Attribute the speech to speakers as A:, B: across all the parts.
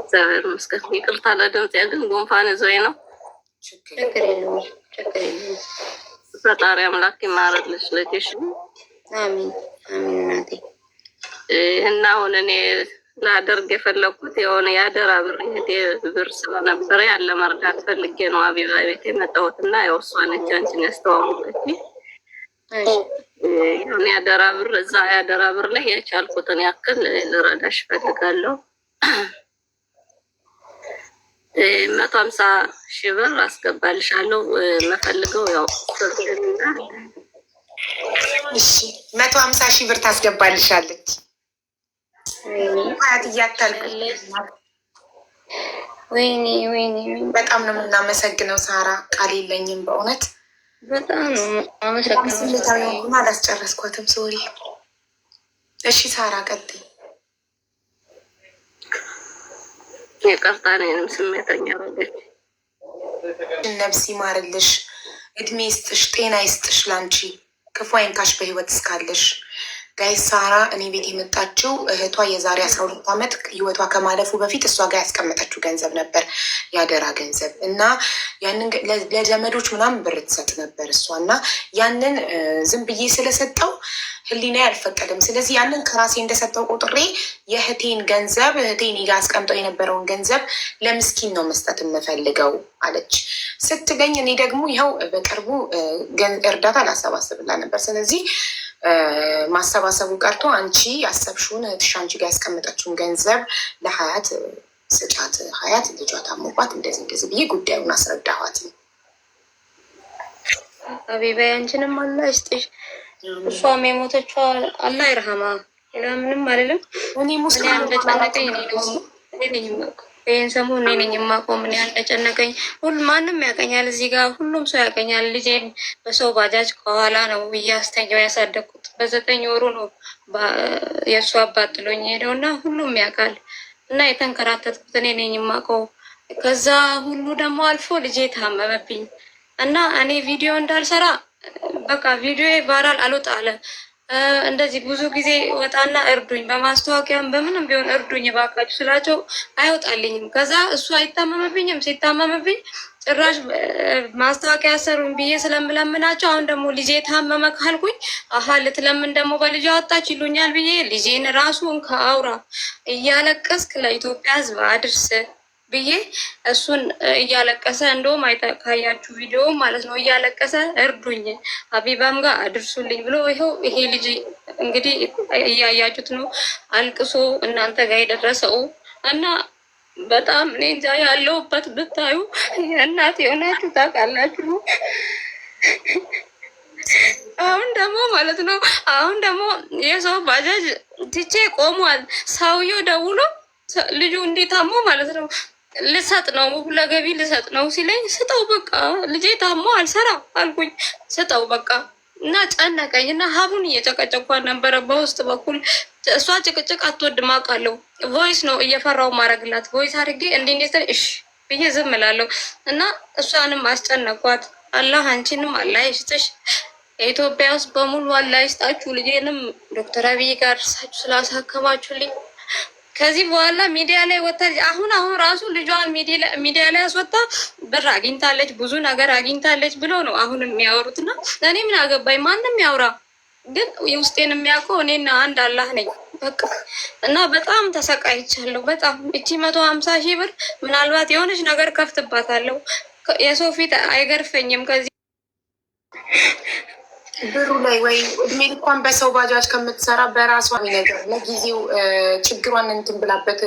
A: እግዚአብሔር ይመስገን። ይቅርታ ለድምፅ ግን ጉንፋን ይዞኝ ነው። ፈጣሪ አምላክ ይማረልሽ ልጅሽ። እና አሁን እኔ ላደርግ የፈለግኩት የሆነ የአደራ ብር እህቴ ብር ስለነበረ ያለ መርዳት ፈልጌ ነው አቢባ ቤት የመጣሁት እና ያው እሷ ነች አንቺን ያስተዋወቀች ያን የአደራ ብር እዛ የአደራ ብር ላይ የቻልኩትን ያክል ልረዳሽ ፈልጋለሁ። መቶ ሀምሳ ሺህ ብር አስገባልሻለሁ። መፈልገው ያው
B: እሺ፣ መቶ ሀምሳ ሺህ ብር ታስገባልሻለች።
A: ሀያት
B: እያታልቅልሽ
A: ወይኔ ወይኔ፣
B: በጣም ነው የምናመሰግነው ሳራ፣ ቃል የለኝም በእውነት በጣም ነው አመሰግናለሁ። አላስጨረስኳትም፣ ሶሪ። እሺ ሳራ ቀጥይ።
A: የቀርታ እኔንም ስሜተኛ አረገች።
B: ነብስ ይማርልሽ፣ እድሜ ይስጥሽ፣ ጤና ይስጥሽ፣ ላንቺ ክፉ አይንካሽ በህይወት እስካለሽ ጋይስ ሳራ እኔ ቤት የመጣችው እህቷ የዛሬ አስራ ሁለት ዓመት ህይወቷ ከማለፉ በፊት እሷ ጋር ያስቀመጠችው ገንዘብ ነበር፣ ያደራ ገንዘብ እና ያንን ለዘመዶች ምናምን ብር ትሰጥ ነበር እሷ እና ያንን ዝም ብዬ ስለሰጠው ህሊና አልፈቀደም። ስለዚህ ያንን ከራሴ እንደሰጠው ቁጥሬ የእህቴን ገንዘብ እህቴን ጋ አስቀምጠው የነበረውን ገንዘብ ለምስኪን ነው መስጠት የምፈልገው አለች ስትለኝ፣ እኔ ደግሞ ይኸው በቅርቡ እርዳታ ላሰባስብላ ነበር ስለዚህ ማሰባሰቡ ቀርቶ አንቺ ያሰብሽውን እህትሽ አንቺ ጋር ያስቀመጠችውን ገንዘብ ለሀያት ስጫት፣ ሀያት ልጇ ታሞባት እንደዚህ እንደዚህ ብዬ ጉዳዩን አስረዳኋት።
A: አቢባ አንቺንም አላ ይስጥሽ። እሷም የሞተችው አላ ይርሃማ። ሌላ ምንም አልልም። እኔ ሙስሊም ይህን ሰሞን እኔ ነኝ የማውቀው ምን ያህል እንደጨነቀኝ። ሁሉ ማንም ያቀኛል፣ እዚህ ጋር ሁሉም ሰው ያቀኛል። ልጄን በሰው ባጃጅ ከኋላ ነው እያስተኛው ያሳደግኩ በዘጠኝ ወሩ ነው የእሱ አባት ጥሎኝ ሄደው እና ሁሉም ያውቃል እና የተንከራተትኩት እኔ ነኝ የማውቀው። ከዛ ሁሉ ደግሞ አልፎ ልጄ ታመመብኝ እና እኔ ቪዲዮ እንዳልሰራ በቃ ቪዲዮ ቫይራል አልወጣለ። እንደዚህ ብዙ ጊዜ ወጣና እርዱኝ፣ በማስታወቂያም በምንም ቢሆን እርዱኝ ባካችሁ ስላቸው አይወጣልኝም። ከዛ እሱ አይታመምብኝም ሲታመምብኝ ጭራሽ ማስታወቂያ ሰሩን ብዬ ስለምለምናቸው አሁን ደግሞ ልጄ ታመመ ካልኩኝ አሀ ልትለምን ደግሞ በልጅ አወጣች ይሉኛል ብዬ ልጄን ራሱን ከአውራ እያለቀስክ ለኢትዮጵያ ሕዝብ አድርስ ብዬ እሱን እያለቀሰ እንደውም አይታካያችሁ ቪዲዮ ማለት ነው። እያለቀሰ እርዱኝ አቢባም ጋር አድርሱልኝ ብሎ ይኸው ይሄ ልጅ እንግዲህ እያያችሁት ነው። አልቅሶ እናንተ ጋር የደረሰው እና በጣም እኔ እንጃ ያለሁበት ብታዩ እናት የሆናችሁ ታውቃላችሁ። አሁን ደግሞ ማለት ነው አሁን ደግሞ የሰው ባጃጅ ትቼ ቆሟል። ሰውየው ደውሎ ልጁ እንዴት ታሞ ማለት ነው ልሰጥ ነው ለገቢ ልሰጥ ነው ሲለኝ ስጠው በቃ ልጄ ታሞ አልሰራ አልኩኝ ስጠው በቃ እና ጨነቀኝ እና ሀቡን እየጨቀጨኳ ነበረ። በውስጥ በኩል እሷ ጭቅጭቅ አትወድም አውቃለሁ። ቮይስ ነው እየፈራው ማድረግላት ቮይስ አድርጌ እንዲህ እንዴት እሽ ብዬ ዝም እላለሁ እና እሷንም አስጨነቋት። አላህ አንቺንም አላህ ይስጥሽ። የኢትዮጵያ ውስጥ በሙሉ አላህ ይስጣችሁ። ልጄንም ዶክተር አብይ ጋር እርሳችሁ ስላሳከማችሁልኝ ከዚህ በኋላ ሚዲያ ላይ ወታ አሁን አሁን ራሱ ልጇን ሚዲያ ላይ ያስወጣ ብር አግኝታለች፣ ብዙ ነገር አግኝታለች ብሎ ነው አሁን የሚያወሩትና እኔ ምን አገባኝ? ማንም ያውራ፣ ግን ውስጤን የሚያውቀው እኔና አንድ አላህ ነኝ። በቃ እና በጣም ተሰቃይቻለሁ። በጣም እቺ መቶ ሀምሳ ሺህ ብር ምናልባት የሆነች ነገር ከፍትባታለሁ። የሰው ፊት አይገርፈኝም ከዚህ
B: ብሩ ላይ ወይ እድሜ ልኳን በሰው ባጃጅ ከምትሰራ በራሷ ነገር ለጊዜው ችግሯን እንትን ብላበት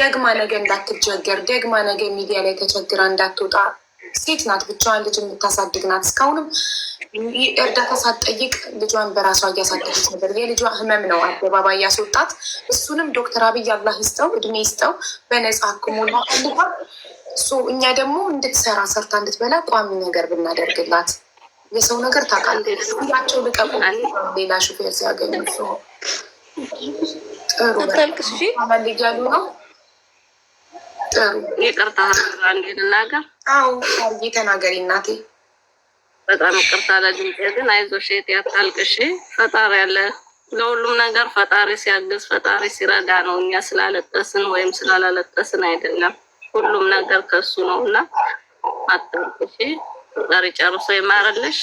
B: ደግማ ነገ እንዳትቸገር ደግማ ነገ ሚዲያ ላይ ተቸግራ እንዳትወጣ። ሴት ናት፣ ብቻዋን ልጅ የምታሳድግ ናት። እስካሁንም እርዳታ ሳትጠይቅ ልጇን በራሷ እያሳደገች ነበር። የልጇ ህመም ነው አደባባይ እያስወጣት። እሱንም ዶክተር አብይ አላህ ይስጠው እድሜ ይስጠው በነጻ ህክምና ፈልጓል። እኛ ደግሞ እንድትሰራ ሰርታ እንድትበላ ቋሚ ነገር ብናደርግላት የሰው ነገር ታውቃለህ። ሁላቸው ልቀቁ። ሌላ ሹፌር ሲያገኙ
A: ጥሩመልያሉ ነው። ጥሩ ይቅርታ
B: እንድናገር አዎ፣ ተናገሪ እናቴ።
A: በጣም ይቅርታ ለድምጤ፣ ግን አይዞሽ የት ያታልቅሽ። ፈጣሪ አለ ለሁሉም ነገር ፈጣሪ ሲያግዝ ፈጣሪ ሲረዳ ነው። እኛ ስላለቀስን ወይም ስላላለቀስን አይደለም። ሁሉም ነገር ከሱ ነው እና አታልቅሽ። ፈጣሪ ጨርሶ ይማርልሽ።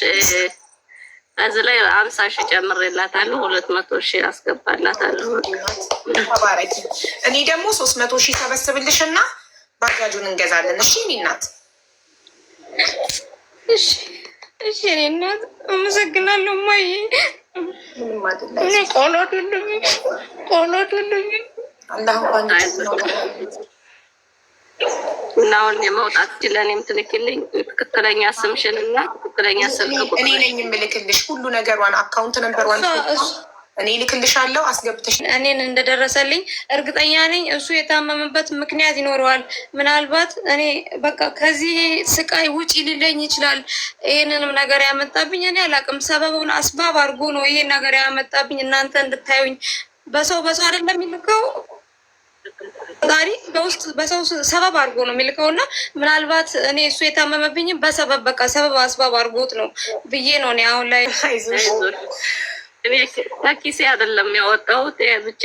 A: እዚህ ላይ አምሳ ሺህ ጨምሬላታለሁ፣ ሁለት መቶ ሺ አስገባላታለሁ።
B: ተባረኪ። እኔ ደግሞ ሶስት መቶ ሺ ሰበስብልሽ እና ባጃጁን እንገዛለን። እሺ የእኔ እናት፣
A: እሺ እሺ የእኔ እናት፣ አመሰግናለሁ እማዬ። ቆሎት ሁሉም ቆሎት
B: ሁሉም አላሁ
A: አሁን የመውጣት ችለን የምትልክልኝ ትክክለኛ ስምሽን እና ትክክለኛ ስልክ ቁጥር
B: እኔ ነኝ የምልክልሽ። ሁሉ ነገሯን አካውንት ነምበር ዋን እኔ እልክልሻለሁ። አስገብተሽ
A: እኔን እንደደረሰልኝ እርግጠኛ ነኝ። እሱ የታመመበት ምክንያት ይኖረዋል። ምናልባት እኔ በቃ ከዚህ ስቃይ ውጪ ሊለኝ ይችላል። ይህንንም ነገር ያመጣብኝ እኔ አላቅም። ሰበቡን አስባብ አድርጎ ነው ይሄን ነገር ያመጣብኝ። እናንተ እንድታዩኝ በሰው በሰው አይደለም የሚልከው ፈጣሪ በውስጥ በሰው ሰበብ አድርጎ ነው የሚልከው እና ምናልባት እኔ እሱ የታመመብኝም በሰበብ በቃ ሰበብ አስባብ አድርጎት ነው ብዬ ነው እኔ አሁን ላይ ታኪሴ አይደለም ያወጣሁት ብቻ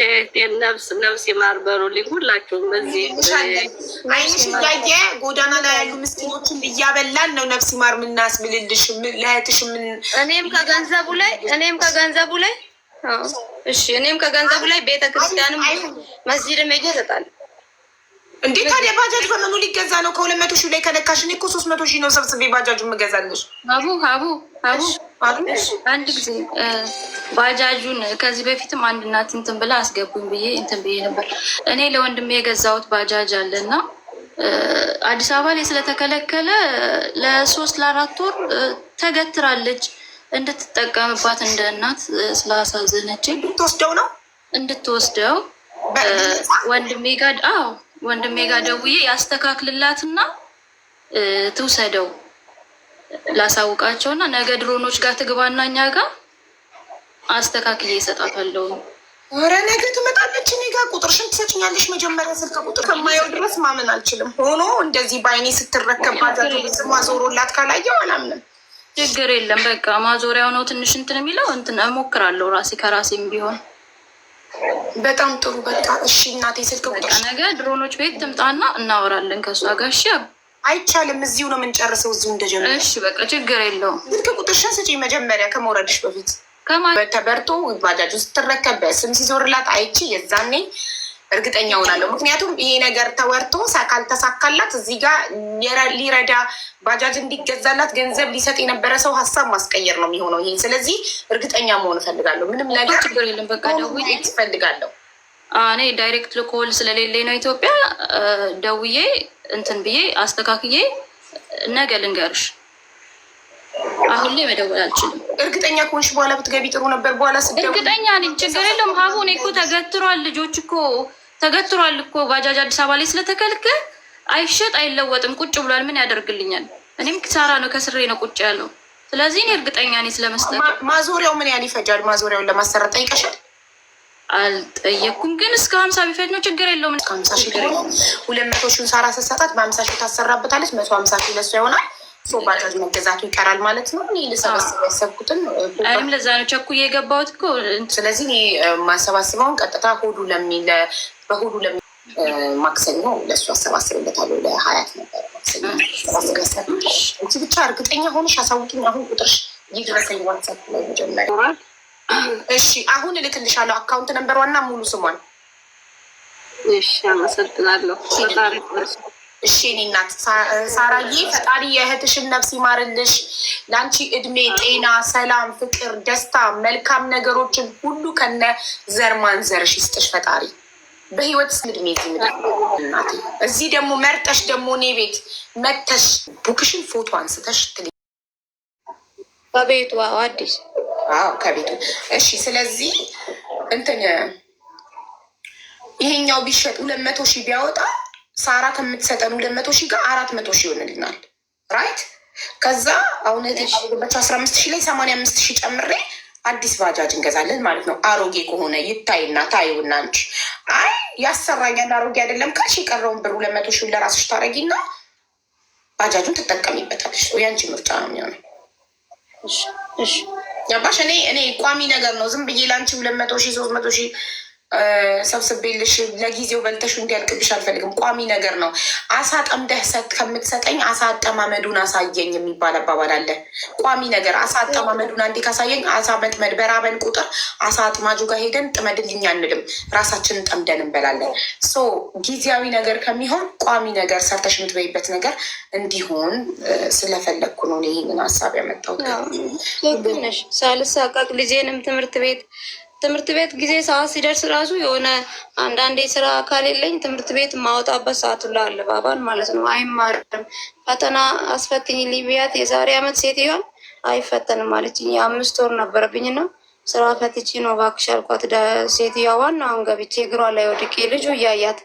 A: ነብስ ነብስ የማርበሩ በሉልኝ ሁላችሁም። በዚህ
B: አይንሽ እያየ ጎዳና ላይ ያሉ ምስኪኖችን እያበላን ነው ነብስ ይማር ምናስብልልሽ ለእህትሽ
A: ምን እኔም ከገንዘቡ ላይ እኔም ከገንዘቡ ላይ እሺ እኔም ከገንዘቡ ላይ ቤተ ክርስቲያንም መስጂድ ሄጄ ይሰጣል።
B: እንዴት ታዲያ ባጃጅ በምኑ ሊገዛ ነው? ከሁለት መቶ ሺህ ላይ ከነካሽ እኔ እኮ ሶስት መቶ ሺህ ነው ሰብስቤ ባጃጁ
A: የምገዛልሽ። አቡ አቡ አቡ አንድ ጊዜ ባጃጁን ከዚህ በፊትም አንድ እናት እንትን ብላ አስገቡኝ ብዬ እንትን ብዬ ነበር። እኔ ለወንድሜ የገዛሁት ባጃጅ አለ እና አዲስ አበባ ላይ ስለተከለከለ ለሶስት ለአራት ወር ተገትራለች። እንድትጠቀምባት እንደ እናት
B: ስላሳዘነች እንድትወስደው
A: ነው እንድትወስደው ወንድሜ ጋ አዎ ወንድሜ ጋ ደውዬ ያስተካክልላትና ትውሰደው ላሳውቃቸውና ነገ ድሮኖች ጋር ትግባና እኛ ጋር አስተካክዬ እሰጣታለሁ።
B: ኧረ ነገ ትመጣለች እኔ ጋር ቁጥርሽን ትሰጭኛለሽ። መጀመሪያ ስልክ ቁጥር ከማየው ድረስ ማመን አልችልም። ሆኖ እንደዚህ በአይኔ ስትረከባት ስማ ዞሮላት ካላየው አላምንም።
A: ችግር የለም። በቃ ማዞሪያው ነው ትንሽ እንትን የሚለው እንትን እሞክራለሁ ራሴ ከራሴም ቢሆን
B: በጣም ጥሩ። በቃ እሺ እናቴ
A: ስልክ ቁጥር ነገ ድሮኖች ቤት ትምጣና እናወራለን ከእሷ
B: ጋር እሺ። አይቻልም፣ እዚሁ ነው የምንጨርሰው፣ እዚሁ እንደጀመረ።
A: እሺ በቃ ችግር
B: የለውም። ስልክ ቁጥርሽን ስጪኝ መጀመሪያ
A: ከመውረድሽ በፊት
B: ከማ ተበርቶ ባጃጁ ስትረከብ ስም ሲዞርላት አይቺ የዛኔ እርግጠኛ ሆናለሁ። ምክንያቱም ይሄ ነገር ተወርቶ ካልተሳካላት እዚህ ጋር ሊረዳ ባጃጅ እንዲገዛላት ገንዘብ ሊሰጥ የነበረ ሰው ሀሳብ ማስቀየር ነው የሚሆነው ይሄ። ስለዚህ እርግጠኛ መሆን እፈልጋለሁ። ምንም ነገር ችግር የለም። በቃ
A: ደውዬ እፈልጋለሁ። እኔ ዳይሬክት ልኮል ስለሌለኝ ነው ኢትዮጵያ ደውዬ እንትን ብዬ አስተካክዬ ነገ ልንገርሽ። አሁን ላይ መደወል
B: አልችልም። እርግጠኛ ከሆንሽ በኋላ ብትገቢ ጥሩ ነበር። በኋላ ስደውል
A: እርግጠኛ ነኝ። ችግር የለውም። አሁን እኮ ተገትሯል። ልጆች እኮ ተገትሯል እኮ ባጃጅ አዲስ አበባ ላይ ስለተከልከ አይሸጥ አይለወጥም፣ ቁጭ ብሏል። ምን ያደርግልኛል? እኔም ኪሳራ ነው፣ ከስሬ ነው ቁጭ ያለው። ስለዚህ እኔ እርግጠኛ ነኝ ስለመስጠት።
B: ማዞሪያው ምን ያህል ይፈጃል? ማዞሪያውን ለማሰራት ጠይቀሻል?
A: አልጠየኩም፣ ግን እስከ ሀምሳ ቢፈጅ ነው ችግር
B: የለውም። እስከ ሀምሳ ሺ ሁለት መቶ ሺን ሳራ ስሰጣት በሀምሳ ሺ ታሰራበታለች። መቶ ሀምሳ ሺ ለሱ ይሆናል። ሶ ባጃጅ መገዛቱ ይቀራል ማለት ነው። እኔ ልሰበስብ ያሰብኩትን
A: አይም ለዛ ነው ቸኩዬ የገባሁት እኮ። ስለዚህ እኔ ማሰባስበውን ቀጥታ ሆዱ ለሚል በሁሉ ለ ማክሰኞ ለእሱ አሰባስብለታለሁ ለሀያት ነበር ማክሰኞ
B: ብቻ እርግጠኛ ሆነሽ አሳውቂኝ። አሁን ቁጥርሽ ይድረሰኝ ዋትሳፕ ላይ መጀመሪያ። እሺ አሁን እልክልሻለሁ አካውንት ነምበር ዋና ሙሉ ስሟን።
A: እሺ አመሰግናለሁ።
B: እሺ እኔ እናት ሳራዬ ፈጣሪ የእህትሽን ነፍስ ይማርልሽ። ለአንቺ እድሜ፣ ጤና፣ ሰላም፣ ፍቅር፣ ደስታ፣ መልካም ነገሮችን ሁሉ ከነ ዘር ማንዘርሽ ይስጥሽ ፈጣሪ። በህይወት ምድሜ እናቴ እዚህ ደግሞ መርጠሽ ደግሞ እኔ ቤት መተሽ ቡክሽን ፎቶ አንስተሽ ትል
A: በቤቱ አዲስ
B: ከቤቱ እሺ። ስለዚህ እንትን ይሄኛው ቢሸጥ ሁለት መቶ ሺህ ቢያወጣ ሳራ ከምትሰጠን ሁለት መቶ ሺህ ጋር አራት መቶ ሺህ ይሆንልናል። ራይት ከዛ አሁን በቻ አስራ አምስት ሺህ ላይ ሰማንያ አምስት ሺህ ጨምሬ አዲስ ባጃጅ እንገዛለን ማለት ነው። አሮጌ ከሆነ ይታይና ታዩና አንቺ አይ ያሰራኛል አሮጌ አይደለም ካልሽ የቀረውን ብር ሁለት መቶ ሺህ ለራስሽ ታረጊና ባጃጁን ትጠቀሚበታለሽ። ያንቺ ምርጫ ነው የሚሆነው። ያባሽ እኔ እኔ ቋሚ ነገር ነው ዝም ብዬ ለአንቺ ሁለት መቶ ሺ ሶስት መቶ ሺህ ሰብስቤልሽ ለጊዜው በልተሽ እንዲያልቅብሽ አልፈልግም። ቋሚ ነገር ነው። አሳ ጠምደህ ከምትሰጠኝ አሳ አጠማመዱን አሳየኝ የሚባል አባባል አለ። ቋሚ ነገር አሳ አጠማመዱን አንዴ ካሳየኝ፣ አሳ መጥመድ በራበን ቁጥር አሳ አጥማጁ ጋር ሄደን ጥመድልኝ አንልም። ራሳችንን ጠምደን እንበላለን። ሶ ጊዜያዊ ነገር ከሚሆን ቋሚ ነገር ሰርተሽ የምትበይበት ነገር እንዲሆን ስለፈለግኩ ነው ይህንን ሀሳብ ያመጣሁት።
A: ሳልሳቀቅ ልጄንም ትምህርት ቤት ትምህርት ቤት ጊዜ ሰዓት ሲደርስ ራሱ የሆነ አንዳንዴ ስራ ከሌለኝ ትምህርት ቤት ማወጣበት ሰዓት ላ አለ ባባን ማለት ነው። አይማርም ፈተና አስፈትኝ ሊቢያት የዛሬ አመት ሴትዮዋን አይፈተንም አለችኝ። የአምስት ወር ነበረብኝ ነው ስራ ፈትቼ ነው እባክሽ አልኳት። ሴትዮዋ ዋናውን ገብቼ እግሯ ላይ ወድቄ ልጁ እያያት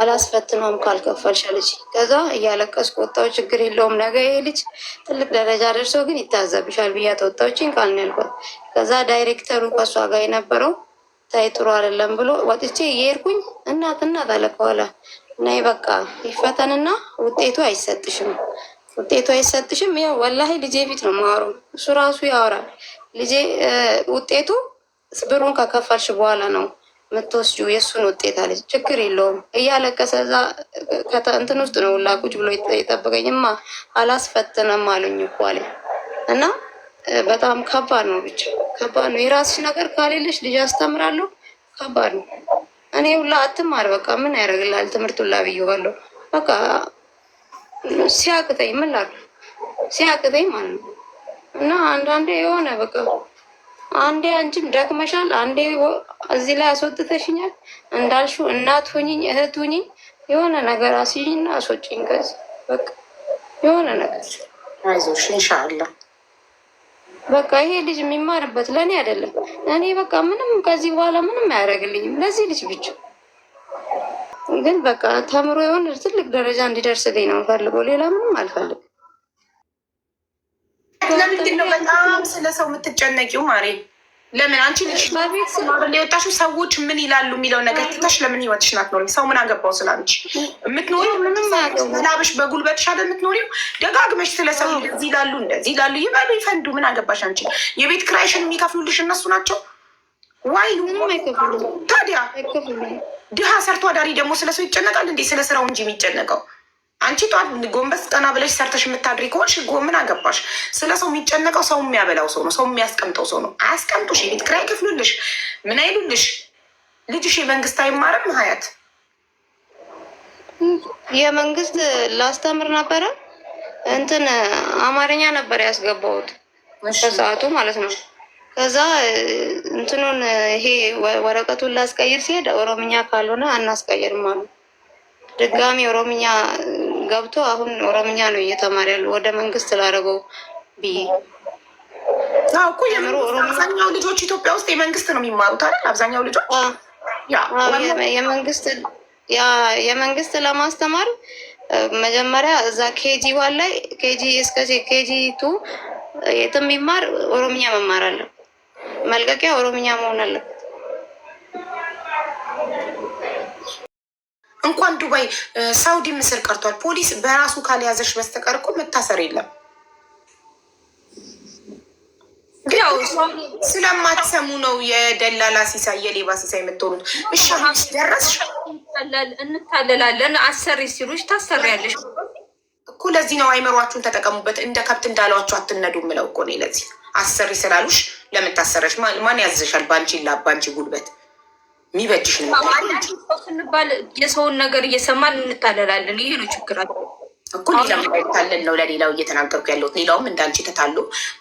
A: አላስፈትነውም ካልከፈልሽ ልጅ። ከዛ እያለቀስኩ ወጣሁ። ችግር የለውም ነገ ይሄ ልጅ ትልቅ ደረጃ ደርሶ ግን ይታዘብሻል ብያት ወጣሁችን ቃልን ያልኳት። ከዛ ዳይሬክተሩ ከሷ ጋር የነበረው ታይ ጥሩ አይደለም ብሎ ወጥቼ እየሄድኩኝ እናት እናት አለ ከኋላ ናይ በቃ ይፈተንና ውጤቱ አይሰጥሽም ውጤቱ አይሰጥሽም። ያው ወላሂ ልጄ ፊት ነው ማሩ እሱ ራሱ ያወራል ልጄ ውጤቱ ብሩን ከከፈልሽ በኋላ ነው የምትወስጂው የእሱን ውጤት አለች። ችግር የለውም እያለቀሰ እዛ እንትን ውስጥ ነው ሁላ ቁጭ ብሎ የጠበቀኝማ አላስፈትነም አሉኝ እኮ አለኝ እና በጣም ከባድ ነው። ብቻ ከባድ ነው። የራስሽ ነገር ካሌለሽ ልጅ አስተምራለሁ ከባድ ነው። እኔ ሁላ አትማር በቃ ምን ያደርግልሃል ትምህርት ሁላ ብዬዋለሁ። በቃ ሲያቅተኝ ምን ላድርግ ሲያቅተኝ ማለት ነው እና አንዳንዴ የሆነ በቃ አንዴ አንቺም ደክመሻል፣ አንዴ እዚህ ላይ አስወጥተሽኛል። እንዳልሽው እናት ሁኝኝ እህት ሁኝኝ የሆነ ነገር አስይኝና አስወጭኝ። ገዝ በቃ የሆነ
B: ነገር አይዞሽ እንሻአላ።
A: በቃ ይሄ ልጅ የሚማርበት ለእኔ አይደለም። እኔ በቃ ምንም ከዚህ በኋላ ምንም አያደርግልኝም ለዚህ ልጅ ብቻ ግን በቃ ተምሮ የሆነ ትልቅ ደረጃ እንዲደርስልኝ ነው ፈልገው ሌላ ምንም አልፈልግም።
B: ለምንድን ነው በጣም ስለ ሰው የምትጨነቂው? ማሬ ለምን አንቺ ሰዎች ምን ይላሉ የሚለው ነገር ትተሽ ለምን ሰው ምን አገባው ስላንቺ? የምትኖሪው ላብሽ በጉልበትሽ አይደል የምትኖሪው? ደጋግመሽ ስለ ሰው ይላሉ እንደዚህ ይላሉ ይበሉ ይፈንዱ፣ ምን አገባሽ አንቺ? የቤት ክራይሽን የሚከፍሉልሽ እነሱ ናቸው። ዋይ ታዲያ ድሃ ሰርቶ አዳሪ ደግሞ ስለ ሰው ይጨነቃል እንዴ? ስለ ስራው እንጂ የሚጨነቀው አንቺ ጧት ጎንበስ ቀና ብለሽ ሰርተሽ የምታድሪ ከሆንሽ ምን አገባሽ። ስለ ሰው የሚጨነቀው ሰው የሚያበላው ሰው ነው። ሰው የሚያስቀምጠው ሰው ነው። አያስቀምጡሽ፣ የቤት ክራይ ክፍሉልሽ፣ ምን አይሉልሽ። ልጅሽ የመንግስት አይማርም። ሀያት
A: የመንግስት ላስተምር ነበረ እንትን አማርኛ ነበር ያስገባውት በሰዓቱ ማለት ነው። ከዛ እንትኑን ይሄ ወረቀቱን ላስቀይር ሲሄድ ኦሮምኛ ካልሆነ አናስቀይርም አሉ። ድጋሚ ኦሮምኛ ገብቶ አሁን ኦሮምኛ ነው እየተማረ ያሉ ወደ መንግስት ላደረገው ብዬ
B: እኮ አብዛኛው ልጆች ኢትዮጵያ ውስጥ የመንግስት ነው የሚማሩት አይደል?
A: አብዛኛው ልጆች የመንግስት ለማስተማር መጀመሪያ እዛ ኬጂ ዋን ላይ ኬጂ እስከ ኬጂ ቱ የትም የሚማር ኦሮምኛ መማር አለ። መልቀቂያ ኦሮምኛ መሆን አለበት።
B: እንኳን ዱባይ ሳውዲ ምስር ቀርቷል። ፖሊስ በራሱ ካልያዘሽ በስተቀር እኮ መታሰር የለም። ስለማትሰሙ ነው የደላላ ሲሳይ የሌባ ሲሳይ የምትሆኑት። እሺ
A: ደረስሽ፣ እንታለላለን። አሰሪ ሲሉሽ ታሰሪያለሽ
B: እኮ። ለዚህ ነው አይምሯችሁን ተጠቀሙበት። እንደ ከብት እንዳሏችሁ አትነዱ ምለው እኮ ነው። ለዚህ አሰሪ ስላሉሽ ለምን ታሰረሽ? ማን ያዝሻል? ባንቺ ላ ባንቺ ጉልበት
A: የሚበጅሽ ስንባል የሰውን ነገር እየሰማን እንታለላለን። ይሄ ነው ችግራቸው
B: እኮ ሌላ ነው ለሌላው እየተናገርኩ ያለሁት። ሌላውም እንዳንቺ ተታሉ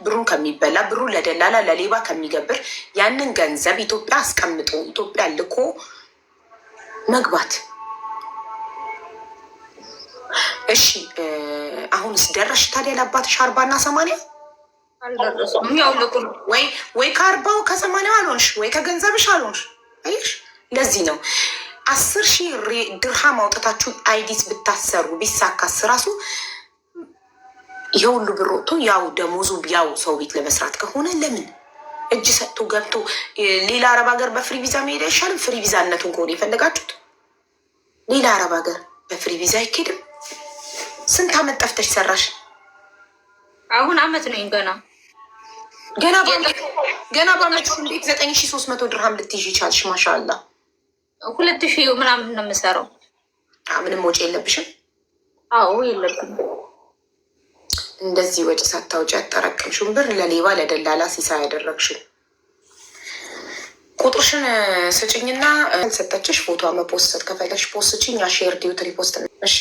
B: ብሩን ከሚበላ ብሩን ለደላላ ለሌባ ከሚገብር ያንን ገንዘብ ኢትዮጵያ አስቀምጦ ኢትዮጵያ ልኮ መግባት። እሺ አሁንስ ደረሽ ታዲያ ለአባትሽ አርባና ሰማንያ ወይ ወይ ከአርባው ከሰማንያው አልሆንሽ ወይ ከገንዘብሽ አልሆንሽ አይሽ ለዚህ ነው አስር ሺህ ድርሃም አውጥታችሁ አይዲስ ብታሰሩ ቢሳካስ ራሱ ይሄ ሁሉ ብር ወጥቶ ያው ደሞዙ ያው ሰው ቤት ለመስራት ከሆነ ለምን እጅ ሰጥቶ ገብቶ ሌላ አረብ ሀገር በፍሪ ቪዛ መሄድ አይሻልም? ፍሪ ቪዛነቱን ከሆነ የፈለጋችሁት ሌላ አረብ ሀገር በፍሪ ቪዛ አይኬድም። ስንት አመት ጠፍተሽ ሰራሽ?
A: አሁን አመት ነኝ ገና
B: ገና ገና በአመት እንዴት ዘጠኝ ሺ ሶስት መቶ ድርሃም ልትይዥ ይቻልሽ? ማሻ
A: ሁለት ሺ ምናምን ነው
B: የምሰራው። ምንም ወጪ የለብሽም?
A: አዎ የለብም።
B: እንደዚህ ወጪ ሳታውጪ ያጠራቀምሽውን ብር ለሌባ ለደላላ ሲሳ ያደረግሽው ቁጥርሽን ስጭኝና ሰጠችሽ ፎቶ መፖስት ከፈለግሽ ፖስት ስጭኝ። ሼር ዲዩት ሪፖስት እሺ።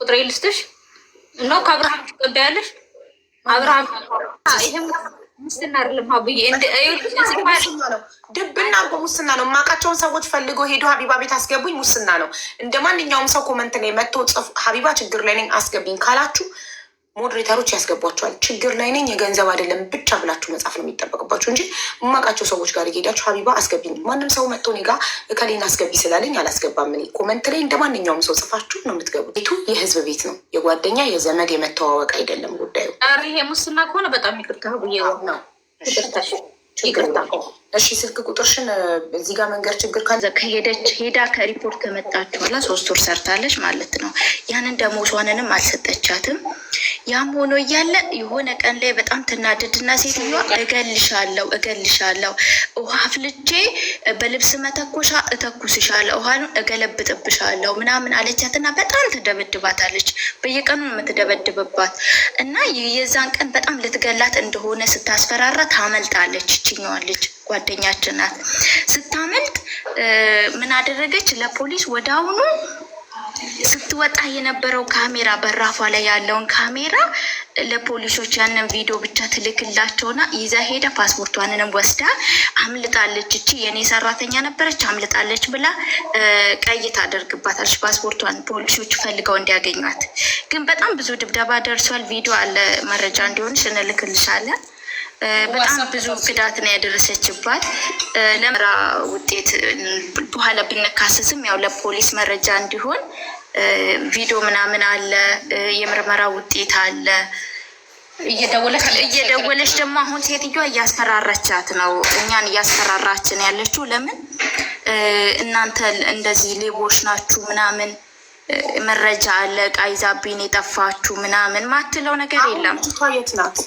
A: ቁጥሬ ልስጥሽ ነው ከአብርሃም ትቀበያለሽ? አብርሃም ይህም ሙስና አይደለም አብዬ ነው፣
B: ድብና እኮ ሙስና ነው። የማውቃቸውን ሰዎች ፈልጎ ሄዶ ሀቢባ ቤት አስገቡኝ ሙስና ነው። እንደ ማንኛውም ሰው ኮመንት ላይ መጥቶ ሀቢባ ችግር ላይ ነኝ አስገቢኝ ካላችሁ ሞዴሬተሮች ያስገቧቸዋል። ችግር ላይ ነኝ የገንዘብ አይደለም ብቻ ብላችሁ መጻፍ ነው የሚጠበቅባችሁ እንጂ የማውቃቸው ሰዎች ጋር እየሄዳችሁ ሀቢባ አስገቢኝ፣ ማንም ሰው መጥቶ እኔ ጋ እከሌን አስገቢ ስላለኝ አላስገባም። እኔ ኮመንት ላይ እንደ ማንኛውም ሰው ጽፋችሁ ነው የምትገቡት። ቤቱ የህዝብ ቤት ነው፣ የጓደኛ የዘመድ የመተዋወቅ አይደለም
A: ጉዳዩ። ይሄ ሙስና ከሆነ በጣም ይቅርታ ብዬ ነው
B: ይቅርታ እሺ ስልክ ቁጥርሽን እዚህ ጋር
A: መንገድ ችግር ከሄደች ሄዳ ከሪፖርት ከመጣች በኋላ ሶስት ወር ሰርታለች ማለት ነው። ያንን ደሞዟንንም አልሰጠቻትም። ያም ሆኖ እያለ የሆነ ቀን ላይ በጣም ትናደድና ሴትዮዋ እገልሻለሁ እገልሻለሁ ውሃ አፍልቼ በልብስ መተኮሻ እተኩስሻለሁ ውሃን እገለብጥብሻለሁ ምናምን አለቻትና በጣም ትደበድባታለች። በየቀኑ የምትደበድብባት እና የዛን ቀን በጣም ልትገላት እንደሆነ ስታስፈራራ ታመልጣለች ይችኛዋለች ጓደኛችን ናት። ስታመልጥ ምን አደረገች? ለፖሊስ ወደ አሁኑ ስትወጣ የነበረው ካሜራ በራፏ ላይ ያለውን ካሜራ ለፖሊሶች ያንን ቪዲዮ ብቻ ትልክላቸውና ይዛ ሄደ ፓስፖርቷንንም ወስዳ አምልጣለች። እቺ የእኔ ሰራተኛ ነበረች አምልጣለች ብላ ቀይ ታደርግባታለች ፓስፖርቷን ፖሊሶች ፈልገው እንዲያገኟት። ግን በጣም ብዙ ድብደባ ደርሷል። ቪዲዮ አለ መረጃ እንዲሆን ስንልክልሻለን። በጣም ብዙ ጉዳት ነው ያደረሰችባት። ለምራ ውጤት በኋላ ብንካሰስም ያው ለፖሊስ መረጃ እንዲሆን ቪዲዮ ምናምን አለ፣ የምርመራ ውጤት አለ። እየደወለች ደግሞ አሁን ሴትዮዋ እያስፈራራቻት ነው፣ እኛን እያስፈራራችን ያለችው ለምን እናንተ እንደዚህ ሌቦች ናችሁ ምናምን መረጃ አለ፣ ቃይዛቢን የጠፋችሁ ምናምን ማትለው ነገር
B: የለም። የት ናት?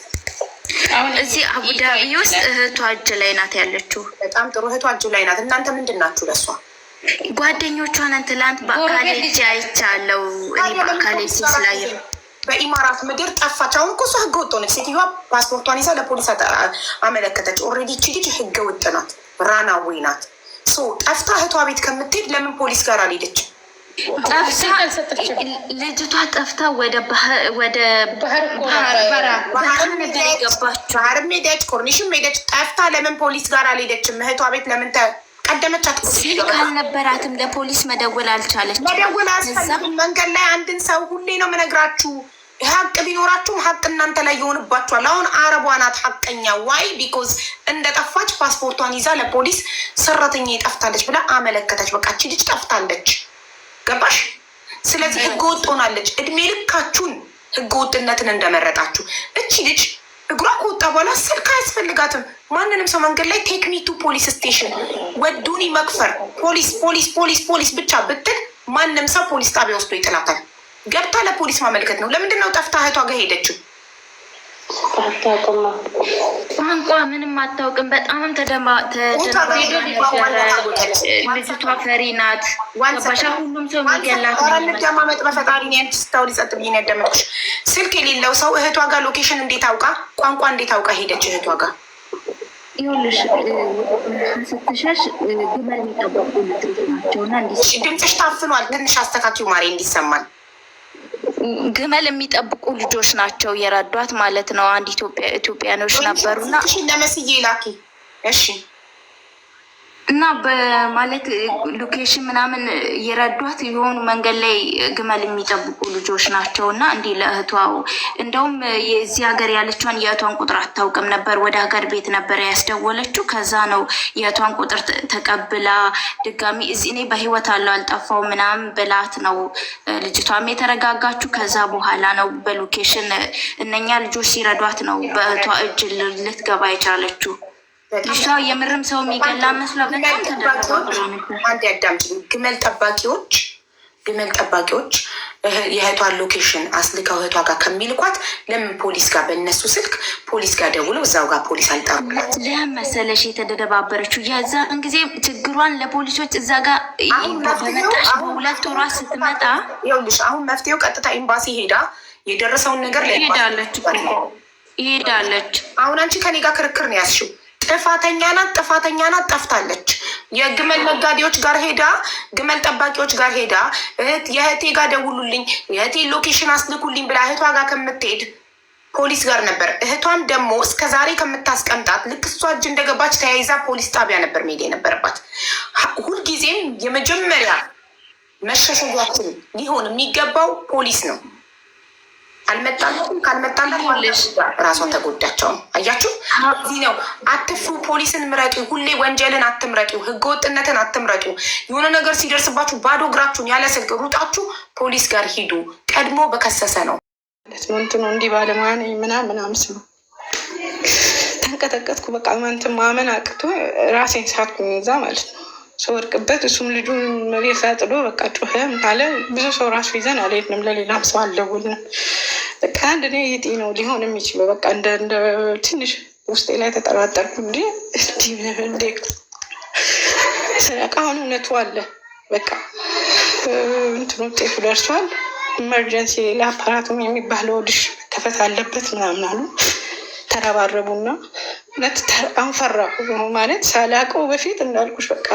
A: እዚህ አቡዳቢ ውስጥ እህቷ እጅ ላይ ናት ያለችው።
B: በጣም ጥሩ እህቷ እጅ ላይ ናት። እናንተ ምንድን ናችሁ? ለሷ
A: ጓደኞቿን ትላንት በአካል እጅ አይቻለው። እኔ በአካል እጅ ስላየ
B: በኢማራት ምድር ጠፋች። አሁን እኮ እሷ ህገ ወጥ ሆነች። ሴትዮዋ ፓስፖርቷን ይዛ ለፖሊስ አመለከተች። ኦልሬዲ ቺ ልጅ ህገ ወጥ ናት፣ ራናዌ ናት። ጠፍታ እህቷ ቤት ከምትሄድ ለምን ፖሊስ ጋር አልሄደችም?
A: ልጅቷ ጠፍታ ወደ ባህር
B: ሄደች፣ ኮርኒሽም ሄደች። ጠፍታ ለምን ፖሊስ ጋር አልሄደችም? እህቷ ቤት ለምን ቀደመች?
A: ስልክ አልነበራትም። ለፖሊስ መደወል አልቻለች።
B: መደወል አልቻለችም። መንገድ ላይ አንድን ሰው ሁሌ ነው የምነግራችሁ። ሀቅ ቢኖራችሁም ሀቅ እናንተ ላይ ይሆንባችኋል። አሁን አረቧ ናት ሀቀኛ። ዋይ ቢኮዝ እንደጠፋች ፓስፖርቷን ይዛ ለፖሊስ ሰራተኛ ጠፍታለች ብላ አመለከተች። በቃ ቺ ልጅ ጠፍታለች። ህገወጥ ሆናለች። እድሜ ልካችሁን ህገወጥነትን እንደመረጣችሁ። እቺ ልጅ እግሯ ከወጣ በኋላ ስልክ አያስፈልጋትም። ማንንም ሰው መንገድ ላይ ቴክኒቱ ፖሊስ ስቴሽን ወዱኒ መክፈር ፖሊስ ፖሊስ ፖሊስ ፖሊስ ብቻ ብትል ማንም ሰው ፖሊስ ጣቢያ ወስዶ ይጥላታል። ገብታ ለፖሊስ ማመልከት ነው። ለምንድን ነው ጠፍታ እህቷ ጋር ሄደችው?
A: ቋንቋ ምንም አታውቅም። በጣምም ልጅቷ ፈሪ ናት። ባሻ ሁሉም ሰው
B: በፈጣሪ ስታው ሊጸጥ ብዬ ስልክ የሌለው ሰው እህቷ ጋር ሎኬሽን እንዴት አውቃ፣ ቋንቋ እንዴት አውቃ ሄደች እህቷ ጋር?
A: ይኸውልሽ ስትሸሽ ግመል የሚጠበቁ
B: ድምፅሽ ታፍኗል። ትንሽ አስተካኪው ማሬ እንዲሰማል
A: ግመል የሚጠብቁ ልጆች ናቸው የረዷት ማለት ነው። አንድ ኢትዮጵያኖች
B: ነበሩና ለመስዬ ላኪ እሺ
A: እና በማለት ሎኬሽን ምናምን እየረዷት የሆኑ መንገድ ላይ ግመል የሚጠብቁ ልጆች ናቸው። እና እንዲህ ለእህቷ እንደውም የዚህ ሀገር ያለችዋን የእህቷን ቁጥር አታውቅም ነበር። ወደ ሀገር ቤት ነበር ያስደወለችው። ከዛ ነው የእህቷን ቁጥር ተቀብላ ድጋሚ እዚ እኔ በህይወት አለው አልጠፋው ምናም ብላት ነው ልጅቷም የተረጋጋችው። ከዛ በኋላ ነው በሎኬሽን እነኛ ልጆች ሲረዷት ነው በእህቷ እጅ ልትገባ የቻለችው። ይሻው የምርም ሰው የሚገላ መስሎ
B: አንድ ግመል ጠባቂዎች ግመል ጠባቂዎች የእህቷን ሎኬሽን አስልከው እህቷ ጋር ከሚልኳት ለምን ፖሊስ ጋር በእነሱ ስልክ ፖሊስ ጋር ደውለው እዛው ጋር ፖሊስ
A: አልጠሩላት? ለምን መሰለሽ የተደባበረችው የዛን ጊዜ ችግሯን ለፖሊሶች እዛ ጋር በመጣሽ በሁለት ወሯ
B: ስትመጣ ይኸውልሽ፣ አሁን መፍትሄው ቀጥታ ኤምባሲ ሄዳ የደረሰውን
A: ነገር ሄዳለች
B: ሄዳለች። አሁን አንቺ ከኔ ጋር ክርክር ነው ያስሽው ጥፋተኛ ናት፣ ጥፋተኛ ናት፣ ጠፍታለች። የግመል ነጋዴዎች ጋር ሄዳ፣ ግመል ጠባቂዎች ጋር ሄዳ የእህቴ ጋር ደውሉልኝ፣ የእህቴ ሎኬሽን አስልኩልኝ ብላ እህቷ ጋር ከምትሄድ ፖሊስ ጋር ነበር። እህቷም ደግሞ እስከ ዛሬ ከምታስቀምጣት ልክ እሷ እጅ እንደገባች ተያይዛ ፖሊስ ጣቢያ ነበር መሄድ የነበረባት። ሁልጊዜም የመጀመሪያ መሸሸጊያችን ሊሆን የሚገባው ፖሊስ ነው። አልመጣለሁም ተጎዳቸው። አያችሁ፣ እዚህ ነው አትፍሩ። ፖሊስን ምረጡ፣ ሁሌ ወንጀልን አትምረጡ፣ ህገወጥነትን አትምረጡ። የሆነ ነገር ሲደርስባችሁ ባዶ እግራችሁን ያለ ስልክ ሩጣችሁ ፖሊስ ጋር ሂዱ። ቀድሞ በከሰሰ
A: ነው እንዲህ ባለሙያ ነኝ ምናምን ተንቀጠቀጥኩ። በቃ ማንትን ማመን አቅቶ ራሴን ሳትኩኝ እዛ ማለት ነው ሰው እሱም ልጁን መሬት ላይ በቃ ጮኸ አለ። ብዙ ሰው ራሱ ይዘን አልሄድንም፣ ለሌላም ሰው አልደውልንም። በቃ አንድ እኔ ይጤ ነው ሊሆን የሚችለው በቃ እንደ እንደ ትንሽ ውስጤ ላይ ተጠራጠርኩ እንዲ እንጂ እንዴ ስለቃ አሁን እውነቱ አለ በቃ እንትን ውጤቱ ደርሷል። ኢመርጀንሲ ሌላ አፓራቱም የሚባለው ድሽ መከፈት አለበት ምናምን አሉ። ተረባረቡና እውነት አንፈራሁ ማለት ሳላውቀው በፊት እንዳልኩሽ በቃ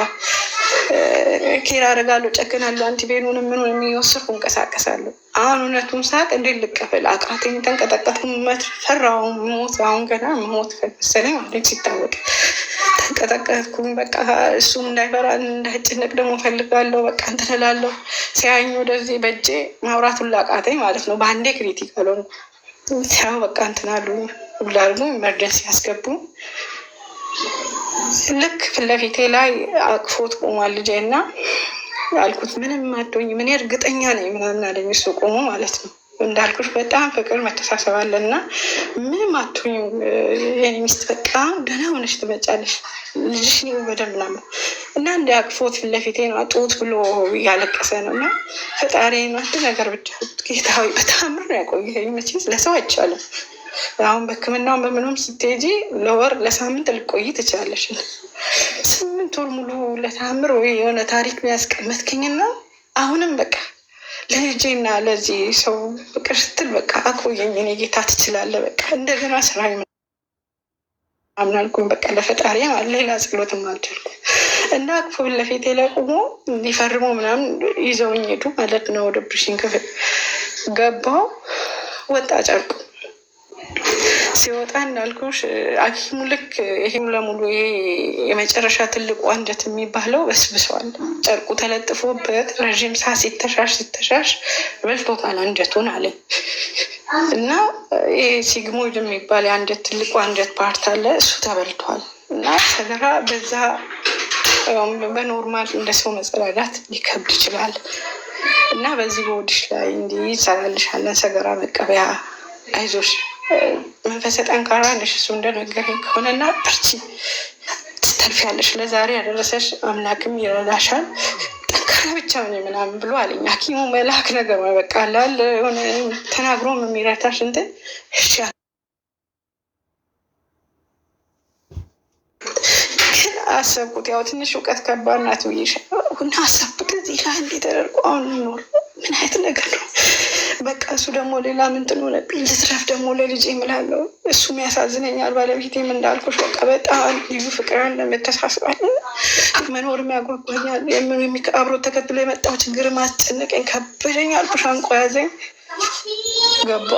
A: ኬር አደርጋለሁ፣ ጨክናለሁ፣ አንቲቤኑን ምን የሚወስድኩ እንቀሳቀሳለሁ። አሁን እውነቱም ሳቅ እንዴት ልቀበል አቃተኝ፣ ተንቀጠቀጥኩ፣ ፈራሁ። ሞት አሁን ገና ሞት መሰለኝ ማለት ሲታወቅ ተንቀጠቀጥኩኝ። በቃ እሱም እንዳይፈራ እንዳይጨነቅ ደግሞ ፈልጋለሁ። በቃ እንትን እላለሁ። ሲያኝ ወደዚህ በእጄ ማውራቱን ላቃተኝ ማለት ነው። በአንዴ ክሪቲክ አልሆንኩ ያ በቃ እንትን አሉ ብላ ኤመርጀንሲ ያስገቡ። ልክ ፊት ላይ አቅፎት ቆሟል ልጄ እና አልኩት ምንም አዶኝ ምን እርግጠኛ ነኝ ምናምን አለኝ እሱ ቆሞ ማለት ነው። እንዳልኩሽ በጣም ፍቅር መተሳሰብ አለ እና ምንም አትሆኝም። የኔ ሚስት በጣም ደህና ሆነሽ ትመጫለሽ። ልጅሽ ኒ በደንብ ናመ እና እንደ አቅፎት ፊት ለፊቴ ነው ጡት ብሎ እያለቀሰ ነው። እና ፈጣሪ አንድ ነገር ብቻ ጌታዊ በጣም ነው ያቆየ። መቼስ ለሰው አይቻልም። አሁን በሕክምናውን በምንም ስትሄጂ ለወር ለሳምንት ልቆይ ትችላለሽ። ስምንት ወር ሙሉ ለታምር ወይ የሆነ ታሪክ ያስቀመጥክኝና አሁንም በቃ ለልጄና ለዚህ ሰው ፍቅር ስትል በቃ አቆየኝ። እኔ ጌታ ትችላለህ። በቃ እንደገና ስራ አምናልኩኝ። በቃ ለፈጣሪ ሌላ ጸሎትም አልቻልኩም እና አቅፎ ለፊቴ ላይ ቆሞ እንዲፈርሙ ምናምን ይዘውኝ ሄዱ ማለት ነው። ወደ ብሽን ክፍል ገባው ወጣ ጨርቁ ሲወጣ እንዳልኩሽ አኪሙ ልክ ይሄም ለሙሉ ይሄ የመጨረሻ ትልቁ አንጀት የሚባለው በስብሰዋል። ጨርቁ ተለጥፎበት ረዥም ሳ ሲተሻሽ ሲተሻሽ በልቶታል አንጀቱን አለ እና ይሄ ሲግሞይድ የሚባል የአንጀት ትልቁ አንጀት ፓርት አለ እሱ ተበልቷል እና ሰገራ በዛ በኖርማል እንደ ሰው መጸዳዳት ሊከብድ ይችላል እና በዚህ በወድሽ ላይ እንዲህ ይሰራልሻለን ሰገራ መቀበያ አይዞሽ መንፈሰ ጠንካራ ነሽ። እሱ እንደነገረኝ ከሆነና በርቺ፣ ትተርፊያለሽ። ለዛሬ ያደረሰሽ አምላክም ይረዳሻል። ጠንካራ ብቻ ነው ምናምን ብሎ አለኝ። ሐኪሙ መልአክ ነገር መበቃላል ሆነ ተናግሮም የሚረታሽ እንትን እሺ አሰብኩት። ያው ትንሽ እውቀት ከባድ ናት ብዬሽ እና አሰብኩት እዚህ ላይ እንዲህ ተደርጎ አሁን ምን አይነት ነገር ነው በቃ እሱ ደግሞ ሌላ ምንትን ሆነብኝ። ልትረፍ ደግሞ ለልጅ ይምላለው። እሱም ያሳዝነኛል። ባለቤቴም እንዳልኩሽ በቃ በጣም ልዩ ፍቅር አለ፣ መኖር መኖርም ያጓጓኛል። አብሮ ተከትሎ የመጣው ችግር ማስጨነቀኝ ከበደኝ፣ አልኩሽ አንቆ ያዘኝ ገባ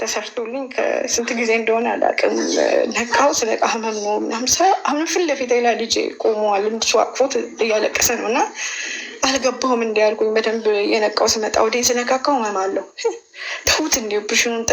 A: ተሰርቶልኝ ከስንት ጊዜ እንደሆነ አላውቅም። ነቃው ስለቃ ህመም ነው ምናምን ሰ አሁንም ፊት ለፊት ሌላ ልጅ ቆመዋል። እንድሱ አቅፎት እያለቀሰ ነው እና አልገባሁም እንዲያልኩኝ በደንብ የነቃው ስመጣ ወደ ስነካካው ማም አለው ተዉት እንዲ ብሽን